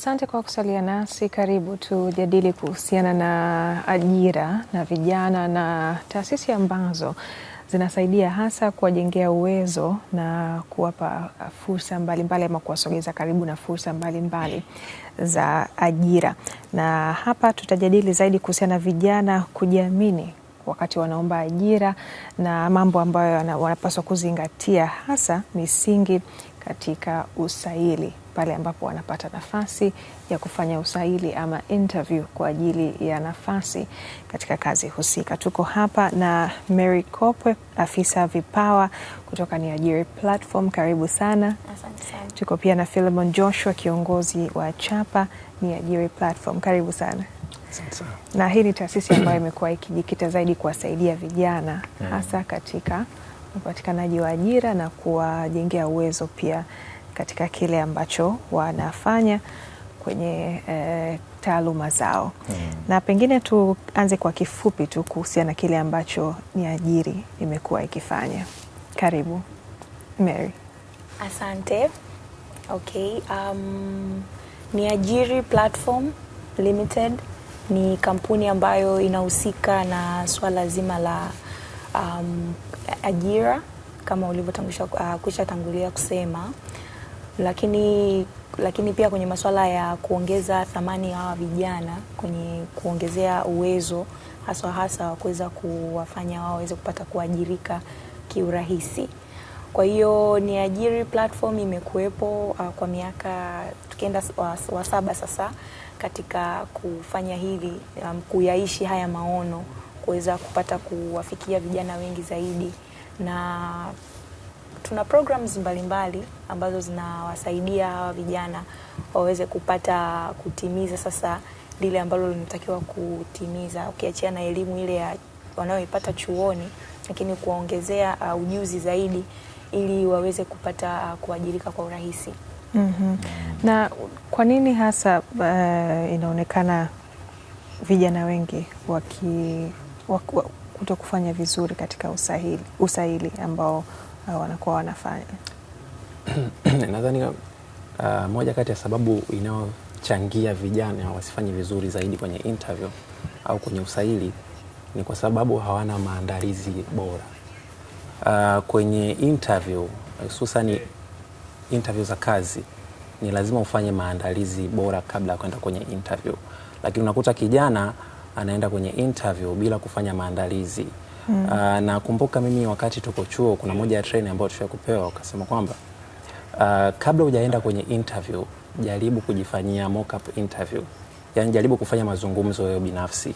Asante kwa kusalia nasi. Karibu tujadili kuhusiana na ajira na vijana na taasisi ambazo zinasaidia hasa kuwajengea uwezo na kuwapa fursa mbalimbali ama kuwasogeza karibu na fursa mbalimbali mbali za ajira, na hapa tutajadili zaidi kuhusiana na vijana kujiamini wakati wanaomba ajira na mambo ambayo wanapaswa kuzingatia, hasa misingi katika usaili pale ambapo wanapata nafasi ya kufanya usaili ama interview kwa ajili ya nafasi katika kazi husika. Tuko hapa na Mary Kopwe, afisa vipawa kutoka Niajiri Platform. Karibu sana. Asante Tuko pia na Philemon Joshua, kiongozi wa chapa Niajiri Platform. Karibu sana. Na hii ni taasisi ambayo imekuwa ikijikita zaidi kuwasaidia vijana hmm. hasa katika upatikanaji wa ajira na kuwajengea uwezo pia katika kile ambacho wanafanya kwenye eh, taaluma zao mm. Na pengine tuanze kwa kifupi tu kuhusiana na kile ambacho Niajiri imekuwa ikifanya. Karibu Mary. Asante. Okay, um, Niajiri Platform Limited ni kampuni ambayo inahusika na swala zima la um, ajira kama ulivyotangulia uh, tangulia kusema lakini lakini pia kwenye masuala ya kuongeza thamani ya hawa vijana kwenye kuongezea uwezo haswa hasa wa kuweza kuwafanya wao waweze kupata kuajirika kiurahisi. Kwa hiyo Niajiri platform imekuwepo uh, kwa miaka tukienda wa, saba sasa katika kufanya hivi um, kuyaishi haya maono kuweza kupata kuwafikia vijana wengi zaidi na tuna programs mbalimbali mbali, ambazo zinawasaidia hawa vijana waweze kupata kutimiza sasa lile ambalo linatakiwa kutimiza, ukiachia na elimu ile ya wanayoipata chuoni, lakini kuwaongezea uh, ujuzi zaidi ili waweze kupata uh, kuajirika kwa urahisi. mm -hmm. Na kwa nini hasa uh, inaonekana vijana wengi waki, wak, wak, kuto kufanya vizuri katika usahili, usahili ambao uh, wanakuwa wanafanya? Nadhani uh, moja kati ya sababu inayochangia vijana wasifanye vizuri zaidi kwenye interview au kwenye usahili ni kwa sababu hawana maandalizi bora. Uh, kwenye interview hususani interview za kazi ni lazima ufanye maandalizi bora kabla ya kwenda kwenye interview, lakini unakuta kijana anaenda kwenye interview bila kufanya maandalizi. Mm. Uh, ah, na kumbuka mimi wakati tuko chuo kuna moja ya training ambayo tulikuwa kupewa ukasema kwamba uh, kabla hujaenda kwenye interview jaribu kujifanyia mock up interview. Yaani jaribu kufanya mazungumzo wewe binafsi.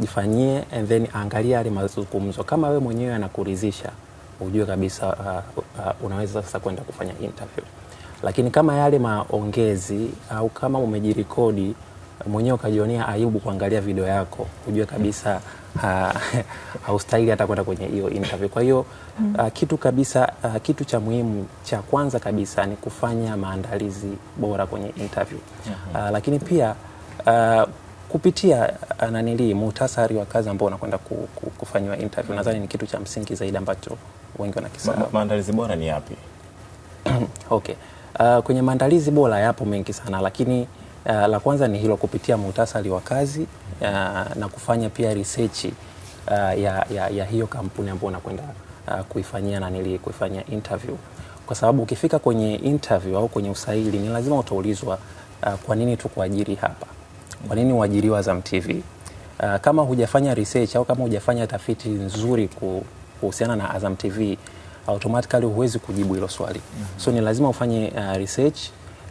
Jifanyie and then angalia yale mazungumzo kama wewe mwenyewe anakuridhisha ujue kabisa uh, uh, unaweza sasa kwenda kufanya interview. Lakini kama yale maongezi au kama umejirekodi mwenyewe ukajionea aibu kuangalia video yako, ujue kabisa haustahili hata kwenda kwenye hiyo interview. Kwa hiyo mm. uh, kitu kabisa uh, kitu cha muhimu cha kwanza kabisa ni kufanya maandalizi bora kwenye interview uh, lakini pia uh, kupitia uh, nanilii muhtasari wa kazi ambao unakwenda ku, ku, kufanyiwa interview mm. Nadhani ni kitu cha msingi zaidi ambacho wengi wanakisahau. Ma, maandalizi bora ni yapi? okay. Uh, kwenye maandalizi bora yapo mengi sana, lakini Uh, la kwanza ni hilo kupitia muhtasari wa kazi uh, na kufanya pia research uh, ya, ya, ya hiyo kampuni ambayo unakwenda uh, kuifanyia na nili kuifanyia interview, kwa sababu ukifika kwenye interview au kwenye usaili ni lazima utaulizwa uh, kwa nini tu kuajiri hapa, kwa nini uajiriwa Azam TV. Uh, kama hujafanya research au kama hujafanya tafiti nzuri kuhusiana na Azam TV automatically huwezi kujibu hilo swali. Mm -hmm. So ni lazima ufanye uh, research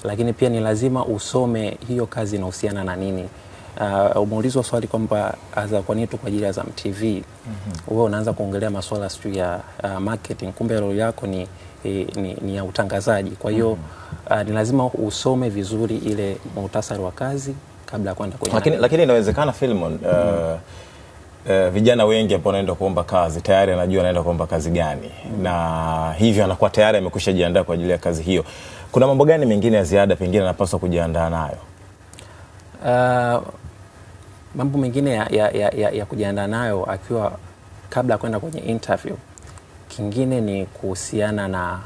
lakini pia ni lazima usome hiyo kazi inahusiana na nini. Uh, umeulizwa swali kwamba aza kwa nini tu kwa ajili ya Azam TV mm -hmm. Wewe unaanza kuongelea masuala sijui ya uh, marketing, kumbe role yako ni, eh, ni, ni ya utangazaji. Kwa hiyo mm -hmm. uh, ni lazima usome vizuri ile muhtasari wa kazi kabla ya kwenda kwenye, lakini lakini inawezekana Philemon uh, mm -hmm. Uh, vijana wengi ambao wanaenda kuomba kazi tayari anajua anaenda kuomba kazi gani, mm -hmm. na hivyo anakuwa tayari amekwisha jiandaa kwa ajili ya kazi hiyo. Kuna mambo gani mengine ya ziada pengine anapaswa kujiandaa nayo? Uh, mambo mengine ya, ya, ya, ya, ya kujiandaa nayo akiwa kabla ya kwenda kwenye interview, kingine ni kuhusiana na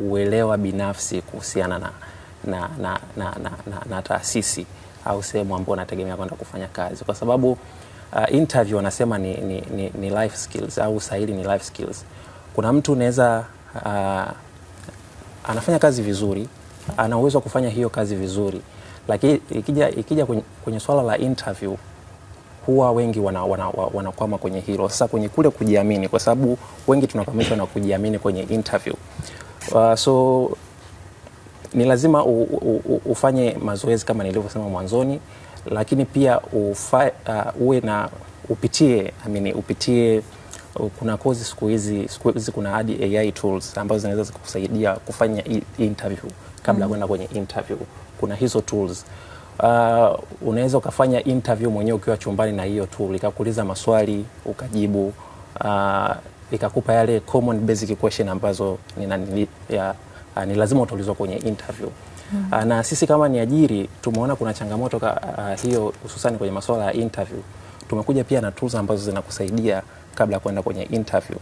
uelewa binafsi kuhusiana na, na, na, na, na, na, na taasisi au sehemu ambayo unategemea kwenda kufanya kazi kwa sababu uh, interview wanasema ni, ni, ni, ni life skills au usahili ni life skills. Kuna mtu unaweza uh, anafanya kazi vizuri, ana uwezo wa kufanya hiyo kazi vizuri, lakini ikija, ikija kwenye, kwenye swala la interview huwa wengi wanakwama wana, wana, kwenye hilo. Sasa kwenye kule kujiamini, kwa sababu wengi tunakwamishwa na kujiamini kwenye interview. Uh, so ni lazima u, u, u, ufanye mazoezi kama nilivyosema mwanzoni, lakini pia ufa, uh, uwe na upitie I mean, upitie kuna kozi siku hizi, siku hizi kuna hadi AI tools ambazo zinaweza zikusaidia kufanya interview kabla ya mm. kwenda kwenye interview. Kuna hizo tools uh, unaweza ukafanya interview mwenyewe ukiwa chumbani na hiyo tool, ikakuuliza maswali ukajibu, uh, ikakupa yale common basic question ambazo ni, ni, ya, uh, ni lazima utaulizwa kwenye interview. Mm -hmm. Na sisi kama ni ajiri tumeona kuna changamoto ka, uh, hiyo hususan kwenye masuala ya interview. Tumekuja pia na tools ambazo zinakusaidia kabla ya kwenda kwenye interview.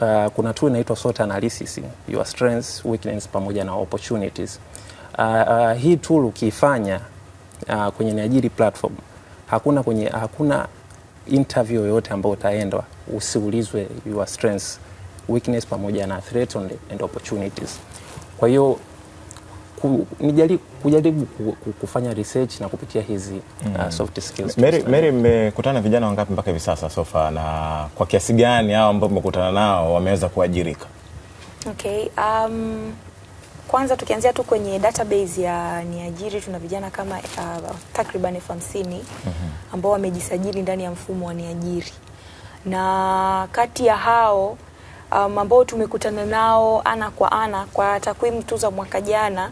Uh, kuna tu inaitwa SWOT analysis, your strengths, weaknesses pamoja na opportunities. Uh, uh, hii tool ukiifanya uh, kwenye Niajiri platform hakuna kwenye hakuna interview yoyote ambayo utaendwa usiulizwe your strengths, weakness pamoja na threat and opportunities. Kwa hiyo nijali kujaribu kufanya research na kupitia hizi uh, mm. soft skills. Mary, Mary mmekutana vijana wangapi mpaka hivi sasa sofa na kwa kiasi gani hao ambao mmekutana nao wameweza kuajirika? Okay, um, kwanza tukianzia tu kwenye database ya niajiri tuna vijana kama uh, takriban elfu hamsini mhm. ambao wamejisajili ndani ya mfumo wa niajiri, na kati ya hao um, ambao tumekutana nao ana kwa ana, kwa takwimu tu za mwaka jana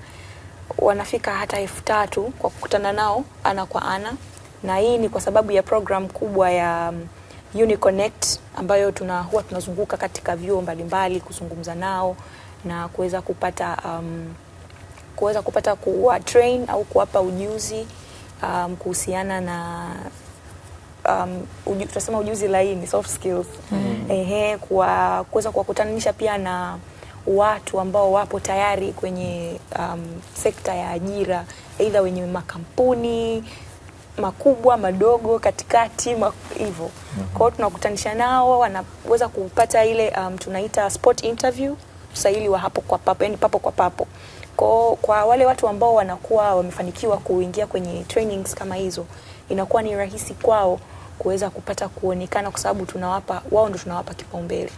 wanafika hata elfu tatu kwa kukutana nao ana kwa ana, na hii ni kwa sababu ya program kubwa ya um, UniConnect ambayo tuna huwa tunazunguka katika vyuo mbalimbali kuzungumza nao na kuweza kupata um, kuweza kupata kuwa train au kuwapa ujuzi um, kuhusiana na um, uju, tunasema ujuzi laini soft skills mm. Ehe, kuweza kuwakutanisha pia na watu ambao wapo tayari kwenye um, sekta ya ajira, aidha wenye makampuni makubwa madogo, katikati hivyo. Mhm. Kwa hiyo tunakutanisha nao, wanaweza kupata ile um, tunaita spot interview, usahili wa hapo kwa papo, yani papo kwa papo kwa, kwa wale watu ambao wanakuwa wamefanikiwa kuingia kwenye trainings kama hizo, inakuwa ni rahisi kwao kuweza kupata kuonekana, kwa sababu tunawapa wao, ndo tunawapa kipaumbele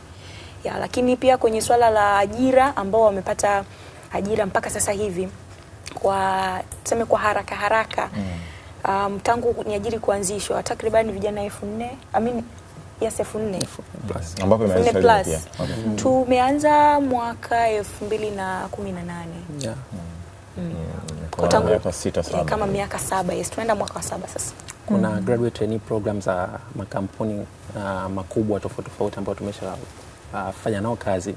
ya, lakini pia kwenye swala la ajira ambao wamepata ajira mpaka sasa hivi kwa tuseme kwa haraka haraka mm. Um, tangu niajiri kuanzishwa takriban vijana elfu nne I mean, yes elfu nne plus mm. tumeanza mwaka elfu mbili na kumi na nane yeah. Mm. Mm. tangu miaka sita, saba. kama miaka saba yes, tunaenda mwaka wa saba sasa kuna mm. graduate trainee program za makampuni uh, makubwa tofauti tofauti ambayo tumesha kufanya nao kazi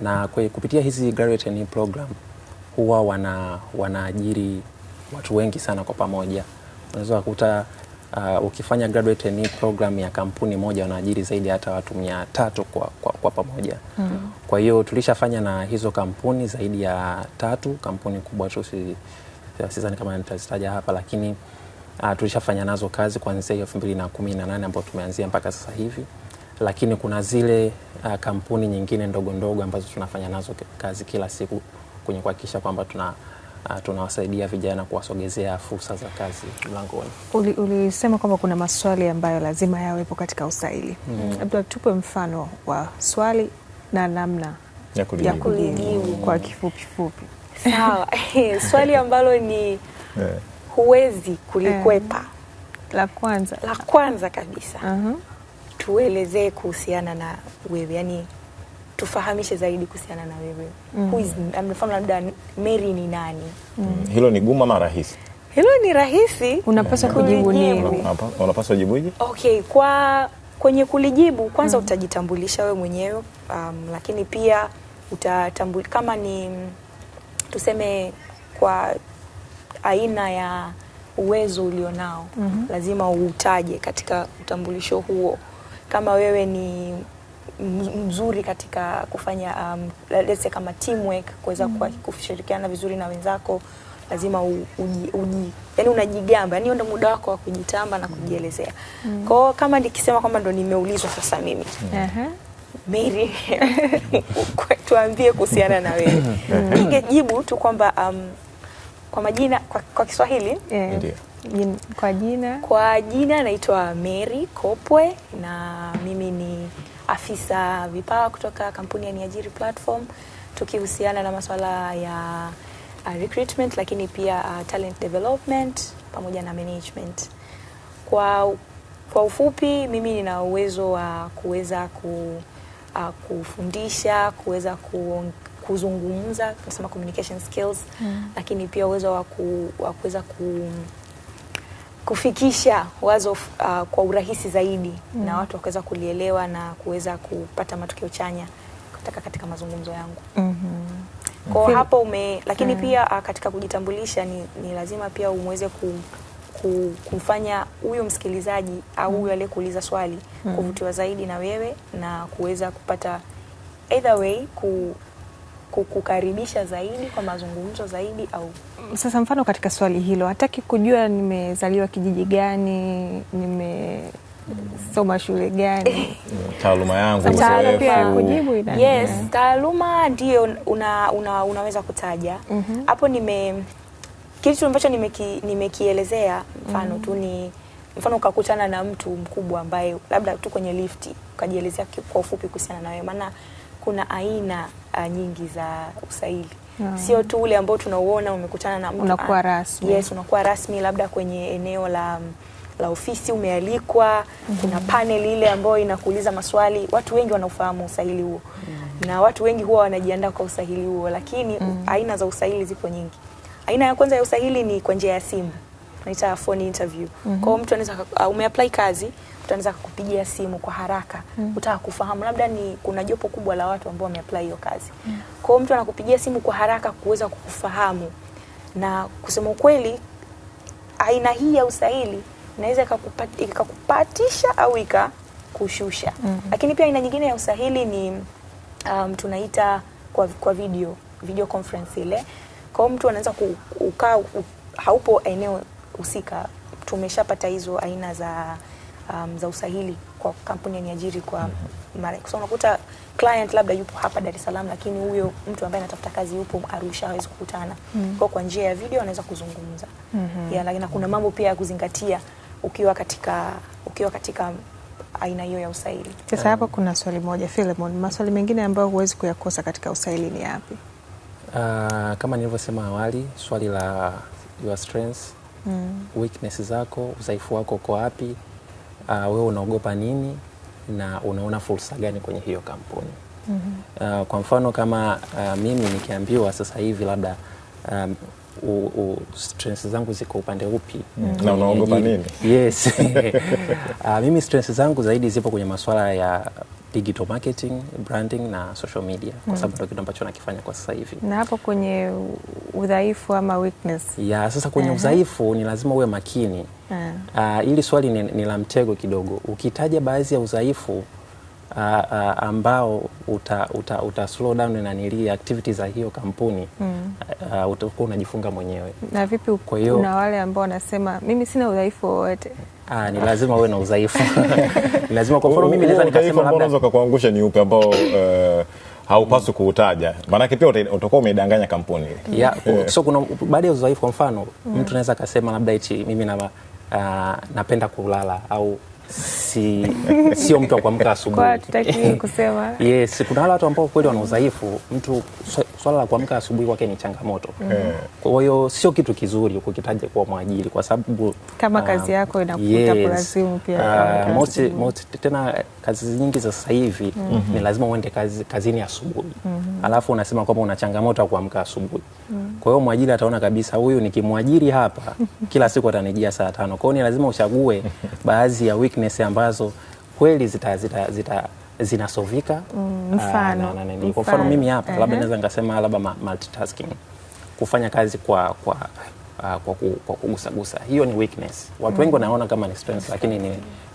na kwe, kupitia hizi graduate and program huwa wana wanaajiri watu wengi sana kwa pamoja. Unaweza kukuta uh, ukifanya graduate and program ya kampuni moja wanaajiri zaidi hata watu mia tatu kwa, kwa, kwa pamoja mm. Kwa hiyo tulishafanya na hizo kampuni zaidi ya tatu, kampuni kubwa tu si, sizani kama nitazitaja hapa lakini uh, tulishafanya nazo kazi kuanzia elfu mbili na kumi na nane ambao tumeanzia mpaka sasa hivi. mm lakini kuna zile uh, kampuni nyingine ndogo ndogo ambazo tunafanya nazo kazi kila siku kwenye kuhakikisha kwamba tuna uh, tunawasaidia vijana kuwasogezea fursa za kazi mlangoni. Ulisema uli kwamba kuna maswali ambayo lazima yawepo katika usaili, mm-hmm. labda tupe mfano wa swali na namna ya kulijibu mm. kwa kifupi fupi. Sawa. Eh, swali ambalo ni eh. huwezi kulikwepa, eh. la kwanza la kwanza kabisa uh -huh tuelezee kuhusiana na wewe, yani tufahamishe zaidi kuhusiana na wewe mm. Who is mfano labda Mary ni nani? mm. mm hilo ni gumu ama rahisi? Hilo ni rahisi. Unapaswa kujibu nini? Unapaswa jibuje? Okay, kwa kwenye kulijibu kwanza mm. utajitambulisha wewe mwenyewe um, lakini pia utatambuli kama ni tuseme kwa aina ya uwezo ulionao mm -hmm. lazima uutaje katika utambulisho huo kama wewe ni mzuri katika kufanya um, let's say kama teamwork kuweza mm. kushirikiana vizuri na wenzako lazima uji, uji yani unajigamba yani ndio muda wako wa kujitamba na mm. kujielezea. Mm. Kwa kama nikisema kwamba ndo nimeulizwa sasa mimi. Mm. Mary tuambie kuhusiana na wewe. Mm. Ningejibu tu kwamba um, kwa majina kwa, kwa Kiswahili yeah kwa jina kwa jina naitwa Mary Kopwe na mimi ni afisa vipawa kutoka kampuni ya Niajiri Platform tukihusiana na masuala ya uh, recruitment lakini pia uh, talent development pamoja na management. Kwa, kwa ufupi mimi nina uwezo wa uh, kuweza ku, uh, kufundisha kuweza ku, kuzungumza tunasema communication skills mm. Lakini pia uwezo wa kuweza ku kufikisha wazo uh, kwa urahisi zaidi mm. na watu wakaweza kulielewa na kuweza kupata matokeo chanya kutoka katika mazungumzo yangu mm -hmm. kwa hapo ume lakini mm. pia uh, katika kujitambulisha ni, ni lazima pia umweze ku, ku, kumfanya huyo msikilizaji au mm. huyo aliyekuuliza swali mm. kuvutiwa zaidi na wewe na kuweza kupata either way ku kukukaribisha zaidi kwa mazungumzo zaidi au sasa mfano katika swali hilo hataki kujua nimezaliwa kijiji gani, nimesoma shule gani, taaluma yangu pia kujibu ina yes, taaluma ndio una, una, unaweza kutaja mhm. hapo. mm -hmm. nime kitu ambacho nimekielezea nime mfano mm -hmm. tu mhm. ni mfano ukakutana na mtu mkubwa ambaye labda tu kwenye lifti ukajielezea kwa ufupi kuhusiana na wewe maana kuna aina uh, nyingi za usaili hmm. Sio tu ule ambao tunauona umekutana na mtu unakuwa rasmi. Yes, unakuwa rasmi labda kwenye eneo la mm, la ofisi umealikwa, mm -hmm. Kuna panel ile ambayo inakuuliza maswali. Watu wengi wanaufahamu usahili huo mm -hmm. na watu wengi huwa wanajiandaa kwa usahili huo, lakini mm -hmm. aina za usahili zipo nyingi. Aina ya kwanza ya usahili ni kwa njia ya simu, tunaita phone interview. mm -hmm. Kwa mtu anaweza uh, umeapply kazi tutaanza kukupigia simu kwa haraka mm. utaka kufahamu labda ni kuna jopo kubwa la watu ambao wameapply hiyo kazi mm. kwa hiyo mtu anakupigia simu kwa haraka kuweza kukufahamu, na kusema ukweli, aina hii ya usaili inaweza ikakupatisha au ikakushusha mm -hmm. Lakini pia aina nyingine ya usahili ni um, tunaita kwa, kwa video video conference ile. Kwa hiyo mtu anaweza kukaa haupo eneo husika, tumeshapata hizo aina za um, za usahili kwa kampuni ya niajiri kwa mara So unakuta client labda yupo hapa Dar es Salaam, lakini huyo mtu ambaye anatafuta kazi yupo Arusha, hawezi kukutana mm. kwa kwa njia ya video anaweza kuzungumza mm -hmm. yeah, lakini kuna mambo pia ya kuzingatia ukiwa katika ukiwa katika aina hiyo ya usaili. Sasa hapo kuna swali moja Philemon, maswali mengine ambayo huwezi kuyakosa katika usaili ni yapi? Uh, kama nilivyosema awali, swali la your strengths mm. weakness zako, udhaifu wako uko wapi? uh, wewe unaogopa nini na unaona fursa gani kwenye hiyo kampuni. mm -hmm. Uh, kwa mfano kama uh, mimi nikiambiwa sasa hivi labda um, stress zangu ziko upande upi? mm. na unaogopa nini? Yes. uh, mimi stress zangu zaidi zipo kwenye masuala ya digital marketing, branding na social media kwa mm-hmm. sababu ndio kitu ambacho nakifanya kwa sasa hivi. Na hapo kwenye udhaifu ama weakness. Ya, sasa kwenye uh -huh. udhaifu ni lazima uwe makini Ah, hili uh, swali ni, ni la mtego kidogo. Ukitaja baadhi ya udhaifu Uh, uh, ambao uta, uta, uta slow down na nili activity za hiyo kampuni mm. Uh, utakuwa unajifunga mwenyewe. Na vipi kwa hiyo kuna wale ambao wanasema mimi sina udhaifu wowote? Ah, ni lazima uwe na udhaifu. Ni lazima kwa mfano mimi naweza nikasema labda unaweza kukuangusha ni upe ambao uh, haupaswi mm. kuutaja Maana pia utakuwa umeidanganya kampuni. Ya, Yeah, so kuna baada ya udhaifu kwa mfano mm. mtu anaweza akasema labda hichi mimi na Ah, napenda kulala au si sio mtu wa kuamka asubuhi kusema. Yes, kuna wale watu ambao kweli wana udhaifu. Mtu swala la kuamka asubuhi kwake ni changamoto mm. Eh. Kwa hiyo sio kitu kizuri kukitaja kwa mwajiri, kwa sababu kama uh, kazi yako inakuta yes, kulazimu pia uh, most, most, tena kazi nyingi za sasa hivi mm -hmm. ni lazima uende kazi, kazini asubuhi mm -hmm. alafu unasema kwamba una changamoto ya kuamka asubuhi mm. -hmm. Kwa hiyo mwajiri ataona kabisa huyu nikimwajiri hapa kila siku atanijia saa tano, kwa hiyo ni lazima uchague baadhi ya wiki weakness ambazo kweli zita, zita, zita zinasovika mm, uh, kwa mfano mimi hapa uh -huh. labda uh-huh. naweza ngasema labda multitasking kufanya kazi kwa kwa uh, kwa, ku, kwa kugusa gusa hiyo ni weakness. Watu wengi mm. wanaona kama ni strength lakini ni,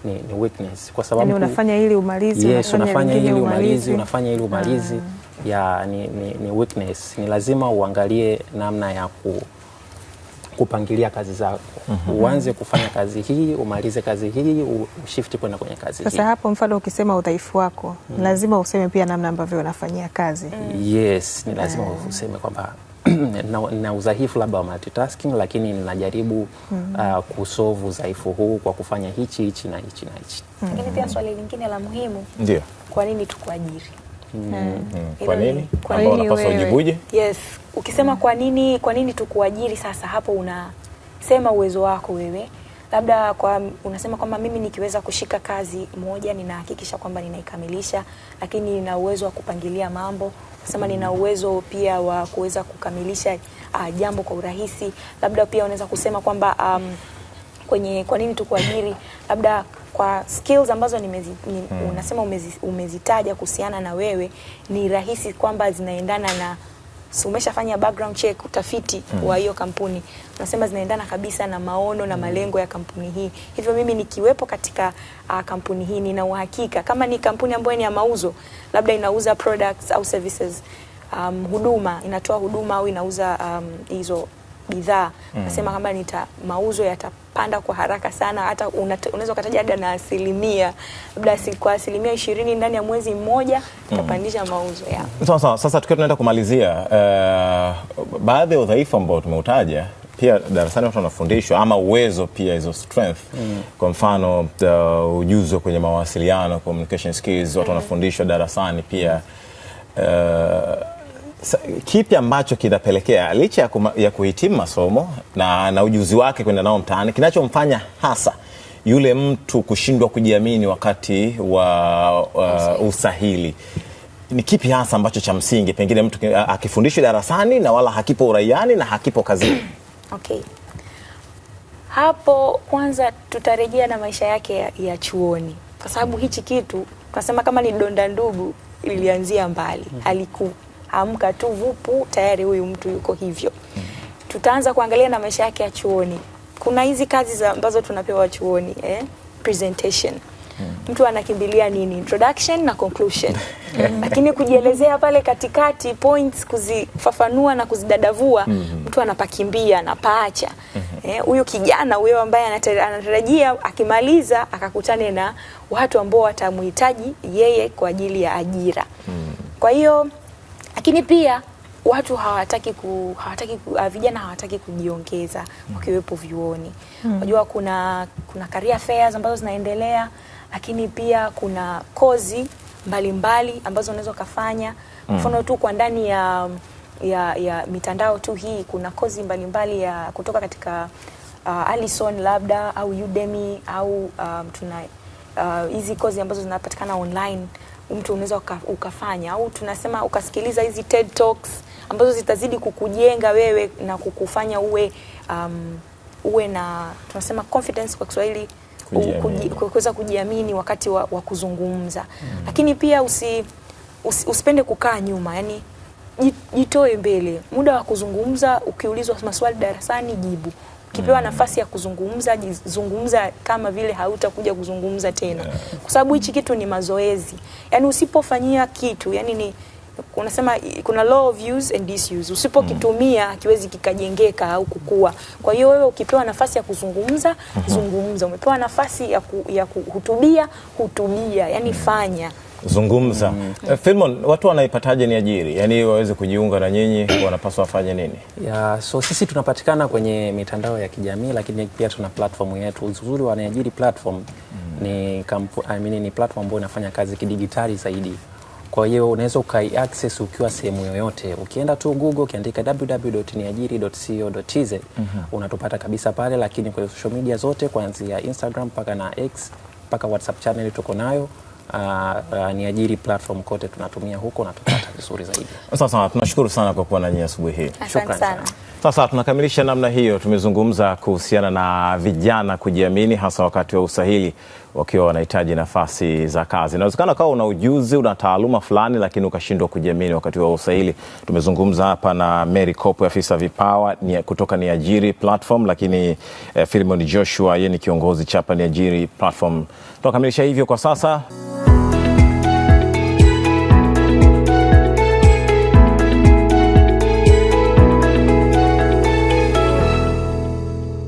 ni, ni weakness kwa sababu yani unafanya ili umalize yes, unafanya ili umalize unafanya ili umalize ah. ya ni, ni, ni weakness. Ni lazima uangalie namna ya ku kupangilia kazi zako mm -hmm. Uanze kufanya kazi hii, umalize kazi hii, ushifti kwenda kwenye kazi sasa hii. Hapo mfano ukisema udhaifu wako mm. lazima useme pia namna ambavyo unafanyia kazi mm. Yes, ni lazima mm. useme kwamba na, na udhaifu labda wa multitasking lakini ninajaribu mm -hmm. uh, ah, kusovu udhaifu huu kwa kufanya hichi hichi na hichi na hichi. Mm. Lakini pia swali lingine la muhimu, ndio kwa nini tukuajiri? Hmm. Hmm. Kwa nini? Kwa nini unapaswa ujibuje? Yes, ukisema kwa nini, kwa nini tukuajiri sasa, hapo unasema uwezo wako wewe labda kwa unasema kwamba mimi nikiweza kushika kazi moja ninahakikisha kwamba ninaikamilisha, lakini nina uwezo wa kupangilia mambo. Unasema nina uwezo pia wa kuweza kukamilisha uh, jambo kwa urahisi. Labda pia unaweza kusema kwamba um, kwenye kwa nini tukuajiri, labda kwa skills ambazo nimezi, ni, hmm. unasema umezi, umezitaja kuhusiana na wewe ni rahisi kwamba zinaendana na si umeshafanya background check utafiti hmm. wa hiyo kampuni unasema zinaendana kabisa na maono na hmm. malengo ya kampuni hii. Hivyo mimi nikiwepo katika uh, kampuni hii nina uhakika kama ni kampuni ambayo ni ya mauzo, labda inauza products au services um, huduma inatoa huduma au inauza um, hizo bidhaa mm. nasema kwamba nita mauzo yatapanda kwa haraka sana, hata unaweza ukataja hata na asilimia labda kwa asilimia ishirini ndani ya mwezi mmoja tutapandisha mm. mauzo yao. Sawa sawa. Sasa tukiwa tunaenda kumalizia, uh, baadhi ya udhaifu ambao tumeutaja pia darasani watu wanafundishwa ama uwezo pia hizo strength mm. Kwa mfano uh, ujuzi kwenye mawasiliano communication skills watu mm. wanafundishwa darasani pia uh, Kipi ambacho kinapelekea licha ya, kuma, ya kuhitimu masomo na, na ujuzi wake kwenda nao mtaani, kinachomfanya hasa yule mtu kushindwa kujiamini wakati wa uh, usahili ni kipi hasa ambacho cha msingi pengine mtu akifundishwa darasani na wala hakipo uraiani na hakipo kazini? Okay. Hapo kwanza tutarejea na maisha yake ya, ya chuoni, kwa sababu hichi kitu tunasema kama ni donda ndugu, lilianzia mbali, mm-hmm. haliku amka tu vupu, tayari huyu mtu yuko hivyo. Mm. Tutaanza kuangalia na maisha yake ya chuoni. Kuna hizi kazi ambazo tunapewa chuoni eh? presentation Mm. mtu anakimbilia nini? Introduction na conclusion mm. Lakini kujielezea pale katikati points kuzifafanua na kuzidadavua mm -hmm. Mtu anapakimbia anapaacha mhm. eh, huyu mm -hmm. Eh, kijana huyo ambaye anatarajia akimaliza akakutane na watu ambao watamhitaji yeye kwa ajili ya ajira mm Kwa hiyo lakini pia watu hawataki ku, hawataki ku, ah, vijana hawataki kujiongeza mm. wakiwepo vyuoni. Mm. Unajua mm. kuna kuna career fairs ambazo zinaendelea, lakini pia kuna kozi mbalimbali mbali, ambazo unaweza ukafanya mm. mfano mm. tu kwa ndani ya, ya ya mitandao tu hii kuna kozi mbalimbali ya kutoka katika uh, Alison labda au Udemy au um, tuna hizi uh, kozi ambazo zinapatikana online mtu unaweza uka, ukafanya au tunasema ukasikiliza hizi TED Talks ambazo zitazidi kukujenga wewe na kukufanya uwe um, uwe na tunasema confidence kwa Kiswahili kuweza kujiamini wakati wa, wa kuzungumza mm. Lakini pia usi, usi, usipende kukaa nyuma, yani jitoe mbele. Muda wa kuzungumza, ukiulizwa maswali darasani, jibu kipewa nafasi ya kuzungumza zungumza kama vile hautakuja kuzungumza tena, kwa sababu hichi kitu ni mazoezi. Yani usipofanyia kitu yani ni unasema kuna law of use and disuse. Usipokitumia hakiwezi mm. kikajengeka au kukua. Kwa hiyo wewe ukipewa nafasi ya kuzungumza mm-hmm. zungumza, umepewa nafasi ya, ku, ya kuhutubia hutubia, yani mm. fanya zungumza. Mm. Eh, Filmon, watu wanaipataje ni ajiri, yaani waweze kujiunga na nyinyi, wanapaswa wafanye nini? Ya, so sisi tunapatikana kwenye mitandao ya kijamii, lakini pia tuna platform yetu. Uzuri wa Niajiri platform mm. ni, kampu, I mean, ni platform ambayo inafanya kazi kidigitali zaidi kwa hiyo unaweza ukaiaccess ukiwa sehemu yoyote. Ukienda tu Google ukiandika www.niajiri.co.tz mm -hmm. unatupata kabisa pale, lakini kwenye social media zote kuanzia Instagram mpaka na X mpaka WhatsApp channel tuko nayo uh, ah, uh, ah, Niajiri platform kote tunatumia huko na tutapata vizuri zaidi. Sawa sawa, tunashukuru sana kwa kuwa nanyi asubuhi hii. Shukrani sana. Sasa tunakamilisha namna hiyo. Tumezungumza kuhusiana na vijana kujiamini, hasa wakati wa usahili wakiwa wanahitaji nafasi za kazi. Inawezekana kawa una ujuzi, una taaluma fulani, lakini ukashindwa kujiamini wakati wa usahili. Tumezungumza hapa na Mary Kopo, afisa vipawa ni, kutoka Niajiri Platform, lakini eh, Filimon Joshua, yeye ni kiongozi chapa Niajiri Platform. Tunakamilisha hivyo kwa sasa.